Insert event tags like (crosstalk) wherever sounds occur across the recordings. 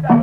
Thank you.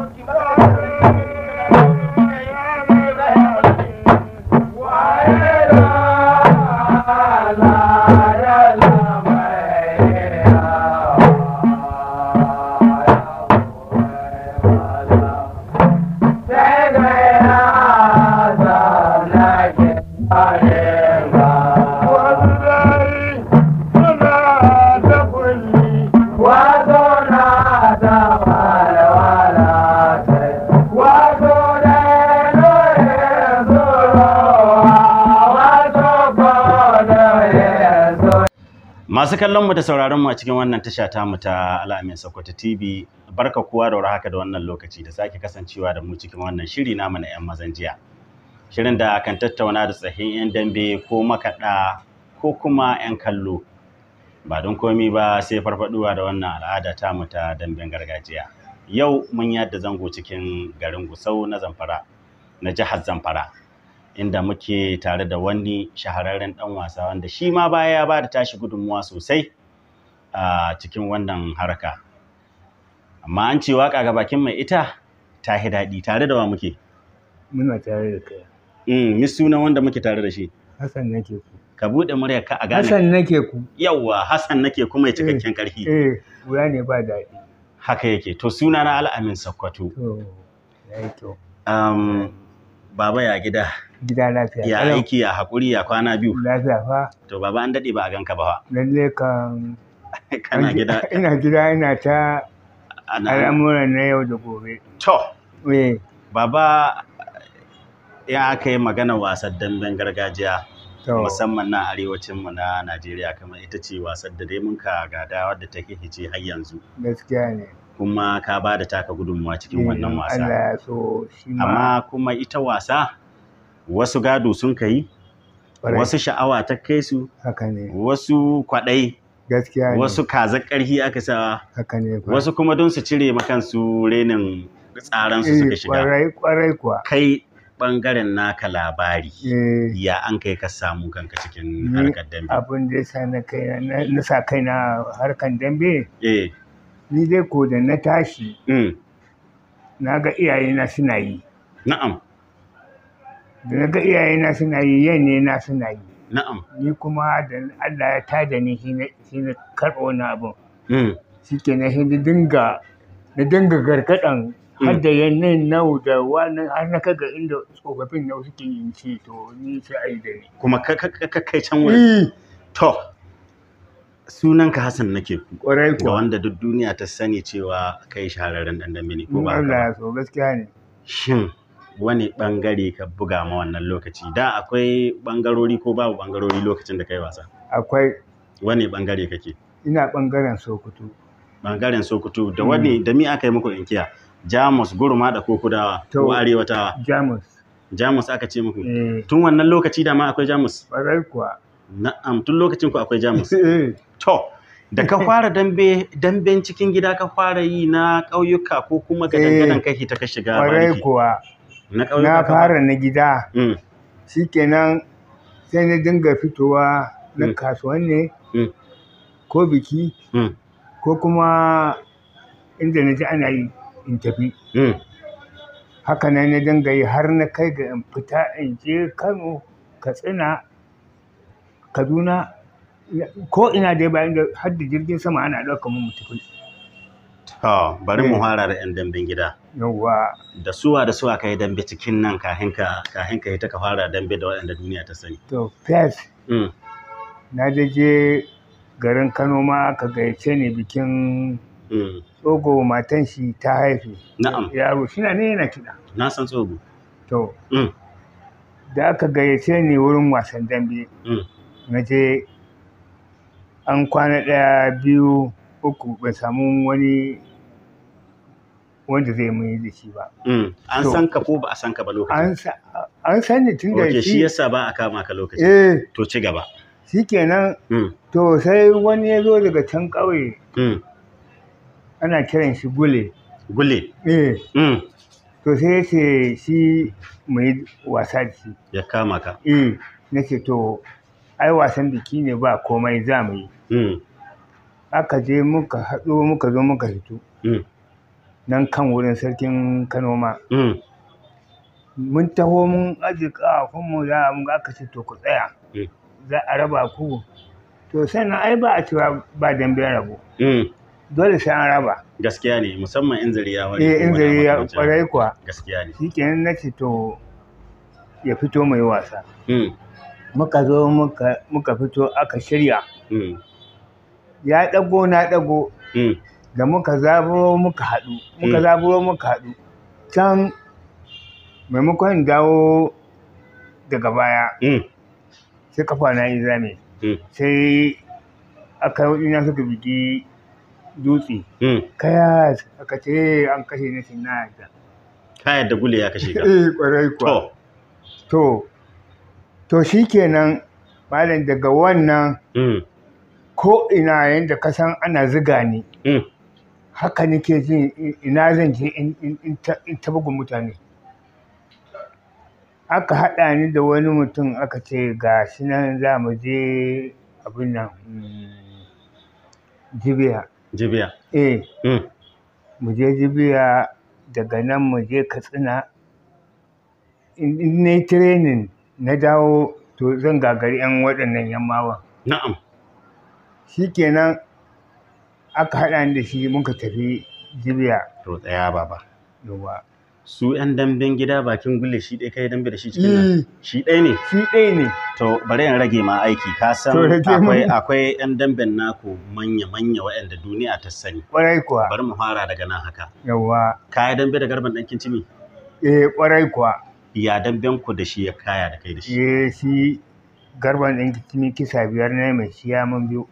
Masu kallon mu da sauraron mu a cikin wannan tasha ta mu ta Al'amin Sokoto TV, barka kuwa da haka da wannan lokaci da sake kasancewa da mu cikin wannan shiri namu na 'yan mazan jiya. Shirin da kan tattauna da tsahin 'yan dambe ko makaɗa ko kuma 'yan kallo. Ba don komi ba sai farfaɗuwa da wannan al'ada ta mu ta damben gargajiya. Yau mun yadda zango cikin garin Gusau na Zamfara, na jihar Zamfara. inda muke tare da wani shahararren ɗan wasa wanda shi ma baya ya ba da tashi gudunmuwa sosai a cikin wannan haraka amma an ce waka ga bakin mai ita ta hi daɗi tare da wa muke muna tare da kai mm mi sunan wanda muke tare da shi Hassan nake ku ka buɗe murya ka a gane Hassan nake ku yawa Hassan nake ku mai cikakken karfi eh, eh wuya ne ba daɗi haka yake to suna na Al'amin Sakkwato to yayi to Baba ya gida. Gida lafiya. Ya aiki ya haƙuri ya kwana biyu. Lafiya fa. To baba an daɗe ba a ganka ba. Lalle kan. (laughs) Kana gida. (laughs) Ina gida ina ta al'amuran na yau da gobe. To. Me. Eh. Baba ya aka yi magana wasan damben gargajiya. Musamman na arewacinmu na Najeriya kamar ita ce wasan da dai mun ka gada wadda take hije har yanzu. Gaskiya ne. kuma ka ba da taka gudunmuwa cikin eh, wannan wasa amma kuma ita wasa wasu gado sun kai wasu sha'awa ta kai su wasu kwaɗai wasu kaza ƙarfi aka sa wasu kuma don su cire makansu renin tsaran su eh, suka shiga kai bangaren naka labari eh. ya an kai ka samu kanka cikin harkar dambe abin da ya sa na sa na harkar dambe ni dai ko da na tashi mm. na ga iyayena suna yi na'am da na ga iyayena suna yi ne na suna yi na'am ni kuma da Allah ya tada ni shi na karɓa wani abu. Mm. shi ke na shi dinga na dinga gargaɗan mm. har da yannin nau da wani har na kaga inda tsofaffin nau suke yin ce to ni sai a da ni kuma ka kai can wani eh. to sunanka Hassan nake ku ƙwarai ko wanda duk duniya ta sani cewa kai shahararren dan dambe ne ko ba Allah so gaskiya ne shin wani bangare ka buga ma wannan lokaci da akwai bangarori ko babu bangarori lokacin da kai wasa akwai wani bangare kake ina bangaren Sokoto bangaren Sokoto da hmm. wani da mi aka yi muku inkiya Jamus Gurma da ko Kudawa ko Arewa ta Jamus Jamus aka ce muku eh. tun wannan lokaci da ma akwai Jamus ƙwarai kuwa Na'am tun lokacin ku akwai Jamus. (laughs) Eh. To da ka fara dambe damben cikin gida ka fara yi na ƙauyuka ko kuma ga eh. dangadan kai ta ka shiga bariki. kuwa. Na Na fara na gida. Mm. Shikenan sai na dinga fitowa na mm. kasuwanni mm. ko biki ko kuma inda na ji ana yi in tafi. Haka nan na dinga yi har na kai ga in fita in je Kano, Katsina, Kaduna ko ina dai bayan da har da jirgin sama ana ɗauka mun mutum. To bari mu fara eh. da ƴan damben gida. Yauwa. Da suwa da suwa kai dambe cikin nan kahin ka kahin ka ta ka fara dambe da waɗanda duniya ta sani. To fes. Mm. Na je je garin Kano ma ka gayyace ni bikin mm. tsogo matan shi ta haife. Na'am. Yaro shi na ne yana kiɗa. Na san tsogo. To. Mm. Da aka gayyace ni wurin wasan dambe. naje an kwana ɗaya biyu uku ban samu wani wanda zai mai da shi ba. Mm. An san ka ko ba a san ka ba lokacin? An san ni tun da shi. shi yasa ba a kama ka lokacin. Eh. To ci gaba. Shi kenan. Mm. To sai wani ya zo daga can ƙauye. Mm. Ana kiran shi gule. Gule. Eh. To sai ya ce shi mai wasa da shi. Ya kama ka. Eh. Na ce to ai wasan biki ne ba komai za mu yi hmm. aka je muka haɗo muka zo muka fito. Hmm. nan kan wurin sarkin kano ma hmm. mun taho mun aji mu za mu aka ce to ku tsaya za a raba ku to sannan ai ba a cewa ba dambe rabo dole sai an raba gaskiya ne musamman in zari wani eh in zari ya kwarai kuwa gaskiya ne shikenan nace to ya fito mai wasa muka zo muka fito aka shirya hmm. ya ɗago na ɗago hmm. da muka zaburo muka haɗu muka hmm. zaburo muka haɗu can maimakon dawo daga baya sai kafa na yi zame sai aka yi na suka biki dutse kaya aka ce an kashe na na yadda kaya da gule ya kashe ka eh kwarai kuwa to to shi kenan malam daga wannan mm. ko ina yadda ka san ana ziga ni mm. haka nake jin ina zan je in tabugun mutane aka haɗa ni da wani mutum aka ce ga shi nan za mu je abin nan mm, jibiya jibiya eh mu je jibiya daga nan mu je katsina in ne training na dawo to zan gagari 'yan waɗannan yammawa na'am shi kenan aka haɗa ni da shi muka tafi jibiya to tsaya baba yawa su 'yan damben gida bakin gulle shi ɗaya kai dambe da shi cikin nan eh. shi ɗaya ne shi ɗaya ne to bari in rage ma aiki ka san akwai akwai 'yan damben naku manya manya waɗanda duniya ta sani ƙwarai kuwa bari mu fara daga nan haka yawa ka yi dambe da garban ɗan cimi? eh ƙwarai kuwa ya damben ku da shi ya kaya da kai da shi eh shi garban ɗin kitimi kisa biyar ne mai shi ya mun biyu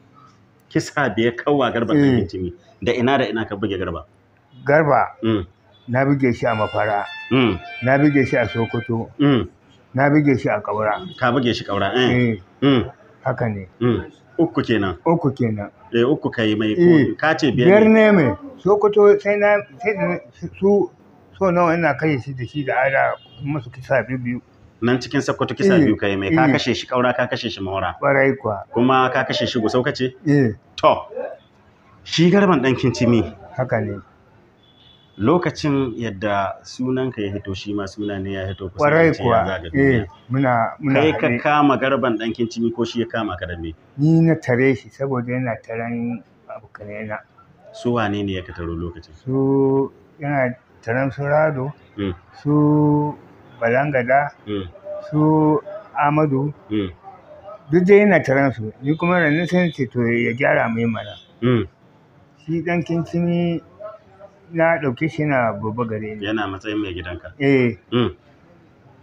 kisa biyar kawwa garban ɗin eh. kitimi da ina da ina ka buge garba garba mm. na buge shi a mafara mm. na buge shi a sokoto mm. na buge shi a kaura ka buge shi kaura eh, eh. haka ne uku kenan uku kenan eh uku kai mai eh. ka ce biyar ne mai sokoto sai na sai su so nawa ina kashe shi da shi da ada musu kisa biyu nan cikin sakkwato kisa eh, biyu kai mai eh. ka kashe shi kaura ka kashe shi maura barai kuwa kuma ka kashe shi gusau kace eh to shi garban dan kincimi haka ne lokacin yadda sunan ka ya hito shi ma suna ne ya hito kusa barai kuwa eh muna muna kai ka kama garban dan kincimi ko shi ya kama ka da me ni na tare shi saboda yana taran abokanai na su wane ne ya ka taro lokacin su yana taron Surado, mm. su balangada mm. su amadu mm. duk dai yana taron su ni kuma da sun ce to ya gyara mai mana shi dan kinkini na ɗauki shi na babba gare ni yana matsayin mai gidanka eh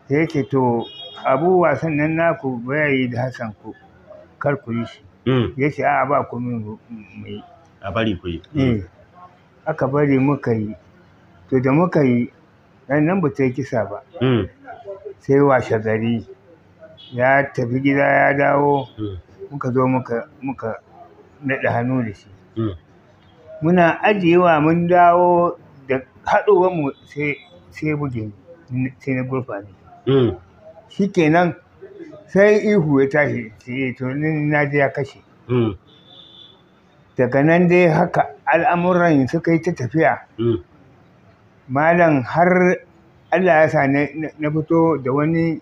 sai yake to abu wasan nan naku baya yi da hassan ku kar ku yi shi ya ce a'a ba ku mai a bari ku yi eh. aka bari muka yi to da muka yi nan ba ta kisa ba hmm. sai washe gari ya tafi gida ya dawo hmm. muka zo muka naɗa hannu da shi hmm. muna ajiyewa mun dawo da haɗuwanmu sai buge sai na gurfa ne shi kenan sai ihu ya tashi sai eh, to na ji ya kashe daga nan dai haka al'amuran suka yi ta tafiya malam har Allah ya sa na fito da wani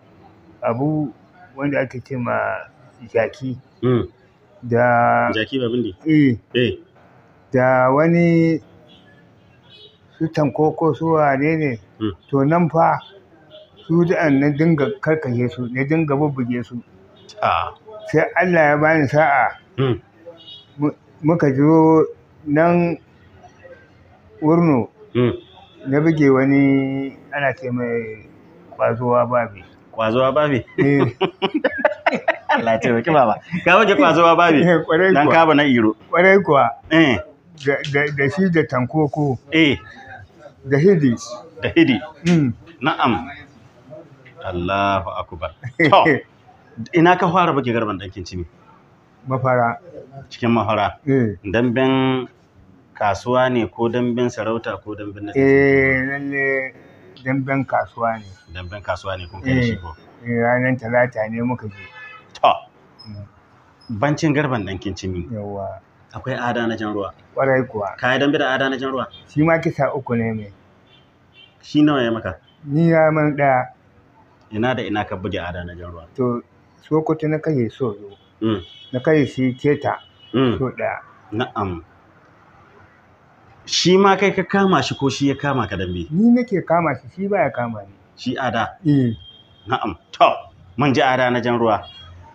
abu wanda ake ce ma jaki hmm. da jaki babindi eh. eh da wani su tankoko su wane ne hmm. to nan fa su da'an na dinga karkashe su na dinga bubbuge su ah. sai Allah ya bani sa'a hmm. muka zo nan wurno na buge wani ana ce mai kwazowa babi kwazowa babi eh. (laughs) Allah taimaki baba ka buge kwazowa babi eh, dan kaba na iro kwarai kuwa eh da shi da tankoko eh da hidi da hidi mm. na'am Allahu akbar to (laughs) ina ka fara buge garban dankin cimi mafara cikin mafara eh. damben kasuwa ne ko damben sarauta ko damben na eh lalle damben kasuwa ne Dambin kasuwa ne kun kai shi ko eh, eh, ranar talata ne muka je to mm. bancin garban dan kincimi yawa akwai ada na jan ruwa kwarai kuwa kai dambe da ada na jan ruwa shi ma kisa uku ne mai shi nawa ya maka ni ya man ɗaya. ina da ina ka buge ada na jan ruwa to sokoto na kai so mm. na kai shi keta mm. so ɗaya. na'am shi ma kai ka kama shi ko shi ya kama ka dambe ni nake kama shi shi baya kama ni shi ada eh na'am to mun ji ada na jan ruwa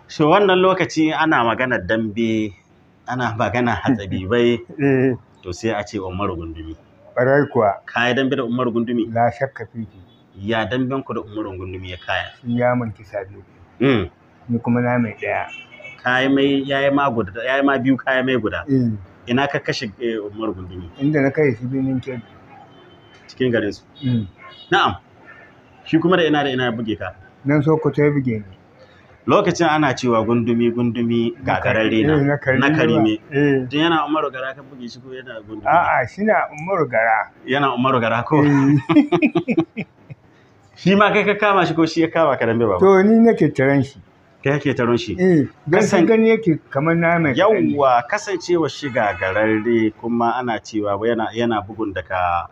So, wannan lokaci ana magana dambe ana magana hatsabibai (laughs) eh. to sai a ce Umaru Gundumi barai kuwa kai dambe da Umaru Gundumi la shakka fiki ya damben ku da Umaru Gundumi ya kaya ya manki sabi mm ni kuma na mai daya kai mai yayi ma guda yayi ma biyu kai mai guda mm ina ka kashe eh, umar gundumi inda na kai shi birnin kebbi cikin garin su mm. na'am shi kuma da ina da ina ya buge ka nan sokoto ya buge ni lokacin ana cewa gundumi gundumi gagararre na eh, na karime eh. tun yana umaru gara ka buge shi ko yana gundumi a'a shi na umaru gara yana umaru gara ko (laughs) shi ma kai ka kama shi ko shi ya kama ka dambe ba to ni nake taran shi kai yake taron eh, shi eh dan gani yake kamar na mai yawa kasancewa shi gararre kuma ana cewa yana yana bugun da ka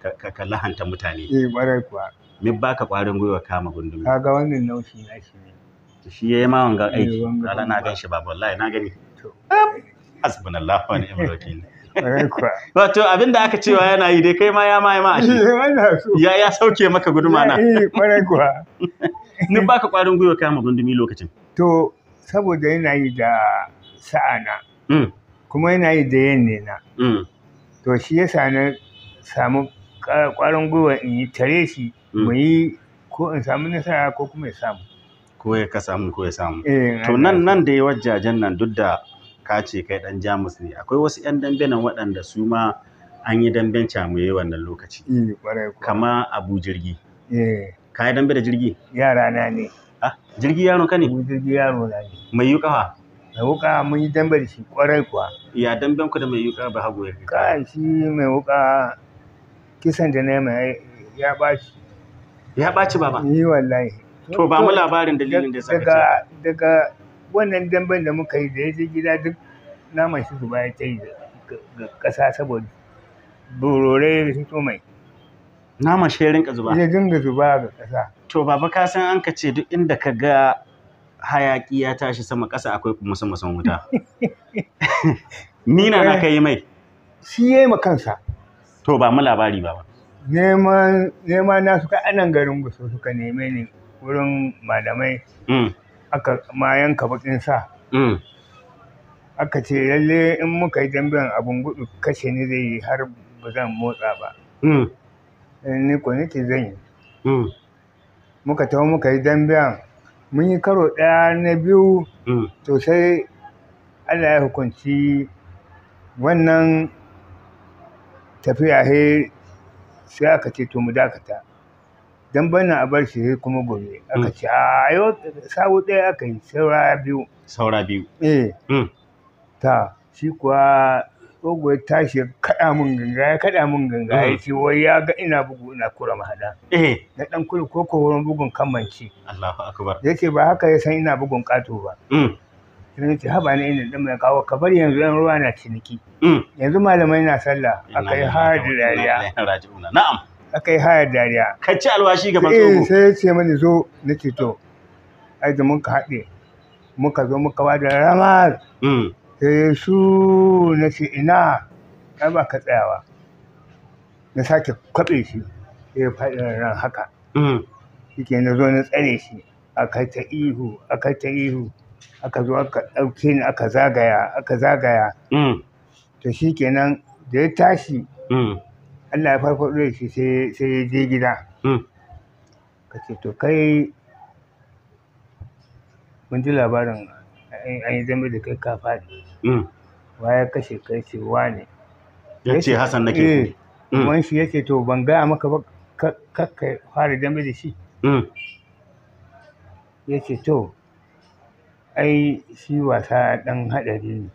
ka ka lahanta mutane eh barai kuwa me baka kwarin gwiwa kama gundumi ga wannan naushi na shi ne shi yayi ma wanga eh, aiki kala na gan shi ba wallahi na gani hasbunallahu wa ni'mal wakil Wato abin da aka cewa yana yi dai kai ma ya ma ya ma (laughs) Ya ya sauke maka guduma na. kwarai kuwa. (laughs) Ni baka kwarin gwiwa kai ma gundumi lokacin. To saboda yana yi da sa'ana. Mm. Kuma yana yi da yanne na. Mm. To shi ya na samu kwarin gwiwa in yi tare shi mm. mu yi ko in samu nasara ko kuma ya samu. Ko ya ka samu ko ya samu. Eh, to nan nan da ya wajajen nan duk da ka ce kai dan jamus ne akwai wasu yan dambe nan waɗanda su ma an yi damben camuye wannan lokaci eh, kama abu jirgi eh. ka yi dambe da jirgi yara na ne jirgi yaro ka ne jirgi yaro na ne mai yuka fa mai wuka mun yi dambe da shi kwarai kuwa ya damben ku da mai yuka ba hago ya kai shi mai wuka kisan da ne mai ya ɓaci ya ɓaci baba yi wallahi to ba mu labarin dalilin da ya saka daga wannan damben da muka yi da ya je gida duk naman shi zuba ya ta yi ga ƙasa saboda burore ya fito mai naman shi ya rinka zuba ya dinga zuba ga ƙasa to baba ka san an ka ce duk inda ka ga hayaƙi ya tashi sama ƙasa akwai kuma sama sama wuta (laughs) ni na na yi mai shi yi ma kansa to ba mu labari ba neman neman na suka anan garin gusu suka neme ni wurin malamai mm. aka ma yanka bakin sa mm. aka ce lalle in muka yi damben abun gudu kashe ni zai yi har ba zan motsa ba mm. eh, ni ko nake zan yi mm. muka taho muka yi dambe. mun yi karo ɗaya na biyu to sai allah ya hukunci wannan tafiya sai aka ce to mu dakata dan bana a bar shi kuma gobe aka mm. ce a ah, yau sawu ɗaya aka yi saura biyu saura biyu eh mm. ta shi kuwa tsogo ya tashi ya kaɗa mun ganga ya kaɗa mun ganga ya mm. ce wai ya ga ina bugu ina kura eh na ɗan kuri ko ko wurin bugun kamanci Allahu akbar ya ce ba haka ya san ina bugun ƙato ba sai ce haba ne ina ɗan mai kawo ka bar yanzu yan ruwa na ciniki yanzu malamai na sallah akai har da dariya na'am aka yi hayar dariya ka ci alwashi ga tsoho eh sai ce mani zo na to ai da muka haɗe muka zo muka ba da ramar mm. sai su na ce ina ai ba ka tsayawa na sake kwaɓe shi ya faɗi ran haka mm. Shike na zo na tsare shi aka ta ihu aka ta ihu aka zo aka ɗauke ni aka zagaya aka zagaya mm. to shi kenan da ya tashi Allah ya farfaɗo da shi sai ya je gida hmm. ka ce to kai mun ji labarin an yi zama da kai ka faɗi hmm. Wa ya kashe kai ce ne? ya ce Hassan nake Wani eh, hmm. shi ya ce to ban gaya maka ba kakka fara zama da shi ya ce to ai shi wasa ɗan haɗari ne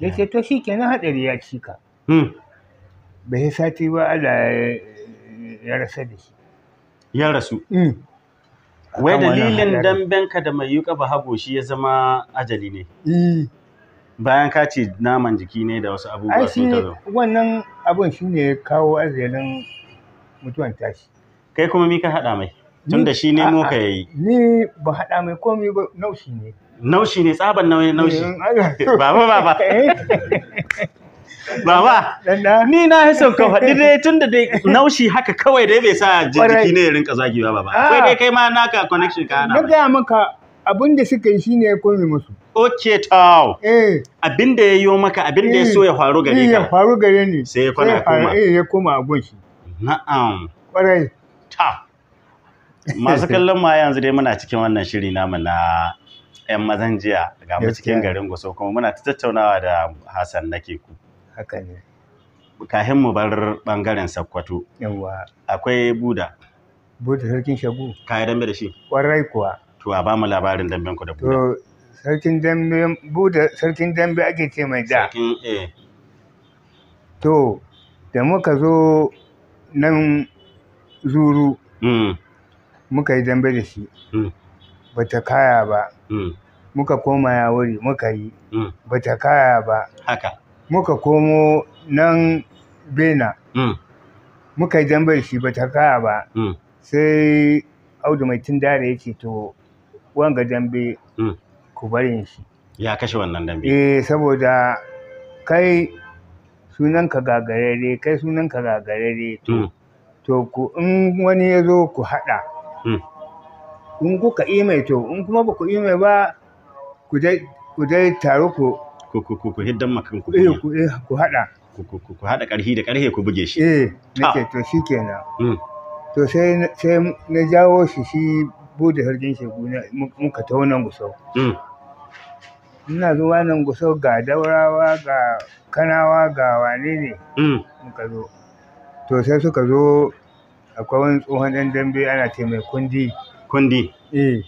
ya ce to shi kenan haɗari ya cika bai sati ba Allah ya rasa da shi ya rasu mm. wai dalilin dambenka da mai yuka ba hago shi ya zama ajali ne mm. bayan ka ce naman jiki ne da wasu abubuwa sun tazo wannan abun shi ne kawo azalin mutuwan tashi kai kuma mi ka haɗa mai tun da shi ne mu ka yayi ni ba haɗa mai komai ba naushi ne naushi ne tsaban nauyi naushi eh, (laughs) baba baba (laughs) eh. (laughs) Baba, ni na yi son ka dai tun da dai naushi haka kawai dai bai sa jiki ne ya rinka ba baba. Ah. Kai dai kai ma naka connection ka ana. Na gaya maka abin da suka yi shine ya komi musu. Oke taw. Eh. Abin da ya yi maka abin da ya eh. so ya faru gare ka. Eh, ya faru gare ni. Sai ya kwana kuma. Eh ya koma eh, abun shi. Na'am. Kwarai. Ta. Masu (laughs) kallon ma yanzu dai muna cikin wannan shiri namu na 'yan mazan jiya ga cikin garin Gusau kuma muna ta tattaunawa da Hassan Nake ku. haka ne kahin mu bar ɓangaren sakkwato Yawwa. akwai buda buda sarkin shagu ka yi dambe da shi kwarai kuwa to a ba mu labarin damben ku da buda to sarkin dambe buda sarkin dambe ake ce mai da sarkin eh to da muka zo nan zuru hmm. muka yi dambe da shi hmm. ba ta kaya ba hmm. muka koma ya wuri muka yi ba ta kaya ba haka muka komo nan bena mm. muka yi dambar shi ba ta kaya ba mm. sai audu mai tindare ya ce to wanga dambe mm. ku barin shi ya kashe wannan dambe eh saboda kai sunan ka gagarare kai sunan ka gagarare to to ku in wani ya zo ku haɗa in kuka imai to in kuma ba ku imai ba ku dai taro ku ku ku ku hiddan makan eh, ku eh ku eh ku hada ku ku hada karhi da karhe ku buge shi eh nake to shikenan mm. to sai sai na jawo shi shi bude harjin shegu na muka tauna gusau mm. ina zuwa nan gusau ga daurawa ga kanawa ga wane ne mm. muka zo to sai suka zo akwai wani tsohon ɗan dambe ana ce mai kundi kundi eh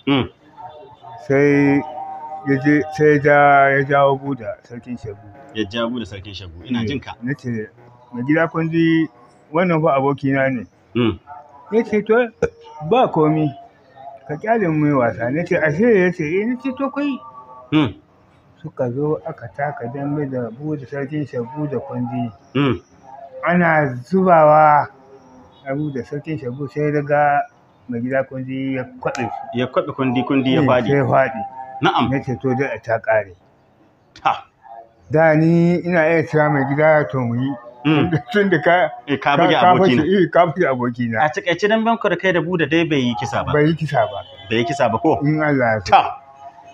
sai ya je sai ya jawo buda sarkin shagu ya ja buda sarkin shagu ina eh, jin ka na ce mai gida kun ji wannan fa abokina ne hmm. ya ce to ba komi ka kyale mu yi wasa na ce ashe ya ce eh na ce to kai hmm. suka zo aka taka dambe da buda sarkin shagu da kwanji hmm. ana zubawa abu da sarkin shagu sai daga mai gida kundi ya kwaɗe ya kwaɗe kundi kundi ya eh, faɗi faɗi na'am nace to da ta kare Ha. da ni ina iya cewa mai gida to mu yi mm. tun da ka ka buge aboki na eh ka buge aboki eh, a takaice dan banku da kai da bu da dai bai yi kisa ba bai yi kisa ba bai yi kisa ba ko in Allah ya ta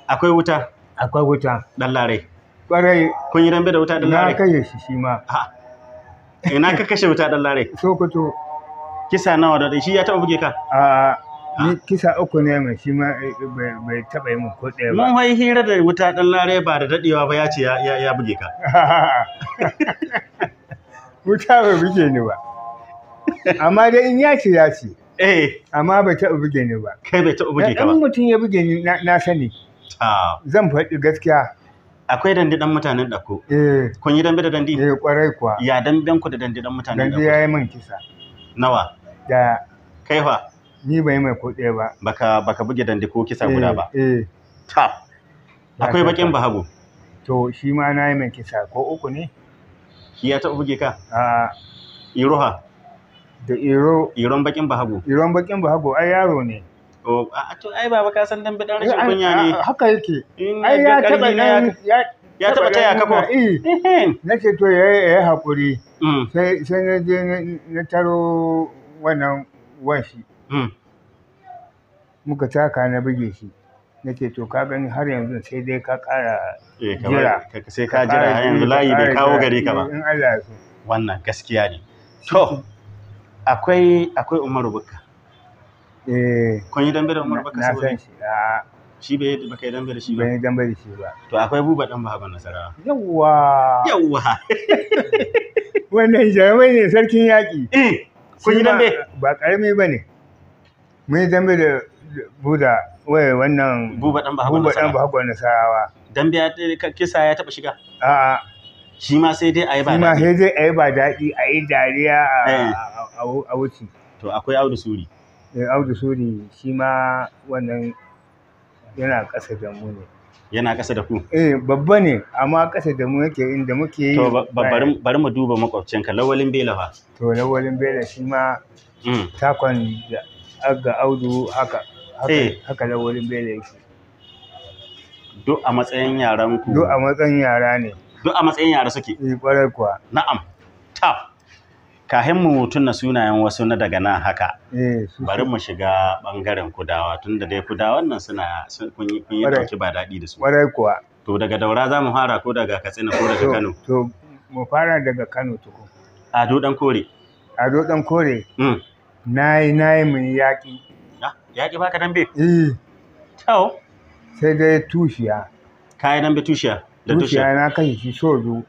akwai wuta akwai wuta dan lare kwarai kun yi dambe da wuta dan lare na kashe shi shi ma ina ka kashe wuta dan lare sokoto kisa nawa da shi ya taba buge ka a ah, Ah. Ni kisa uku ne mai shi ma eh, eh, bai taɓa yi mun ko ɗaya ba. Mun wai hira da wuta ɗan lare ba da daɗewa ba ya ce ya buge ka. (laughs) Wuta bai buge ni ba. Amma dai in ya ce ya ce. Eh. Amma bai taɓa buge ni ba. Kai bai taɓa buge ka ba. Ɗan mutum ya buge ni na sani. Zan faɗi gaskiya. akwai dandi dan mutanen dako eh. kun yi dambe da dandi eh kwarai kuwa ya damben ku da dandi dan mutanen dako dandi yi min kisa nawa da kai fa ni bai mai ko ba baka baka buge dande ko kisa eh, guda ba eh ta akwai bakin bahago to shi ma na yi mai kisa ko uku ne shi ya taɓa buge ka a iroha da iro iron bakin bahago iron bakin bahago ai yaro ne to a to ai baba ka san dambe dan rashin eh, kunya ne haka yake ai ya taɓa nan ya taɓa taya kafa eh. na ce to ya yi haƙuri mm. sai na je na taro wannan wanshi Hmm. Muka taka na buge shi. Na ce to ka gani har yanzu sai dai ka kara eh, jira. Sai ka jira har yanzu layi bai kawo gare ka ba. In Allah ya so. Wannan gaskiya ne. To akwai akwai Umar Bukka. Eh. Kun yi dambe da Umar Bukka sai Na san shi. Ah. shi bai yadda baka yi dambe da shi ba. Bai dambe da shi ba. To akwai buba dan baba nasara. Yawwa. Yawwa. (laughs) Wannan jarumai ne sarkin Yaki. Eh. Kun yi dambe? Ba ƙarami ba ne. mun yi dambe da buda wai wannan buba dan bahagwa nasarawa dambe ya kisa ya taba shiga a'a shi ma sai dai ayi ba shi ma sai dai ayi ba daɗi ayi dariya eh. a wuce to akwai audu suri eh, audu suri shi ma wannan yana ƙasa da mu ne yana ƙasa da ku eh babba ne amma ƙasa da mu yake inda muke yi to bari mu duba makwabcinka lawalin Belawa. to lawalin bela shi ma mm. takon ga audu haka haka da eh. wurin bela yake duk a matsayin yaran ku duk a matsayin yara ne duk a matsayin yara suke eh kwarai kuwa na'am ta kahin mu tun na sunayen wasu na daga nan haka eh, bari mu shiga bangaren kudawa tun da dai kudawan nan suna kun yi dauki ba daɗi da su kwarai kuwa to daga daura za mu fara ko daga katsina ko daga kano to mu fara daga kano tukun ado dan kore ado dan kore mm. na yi na yi mai yaƙi yaƙi ka dambe eh to sai dai tushiya yi dambe tushiya da tushiya na kashe shi so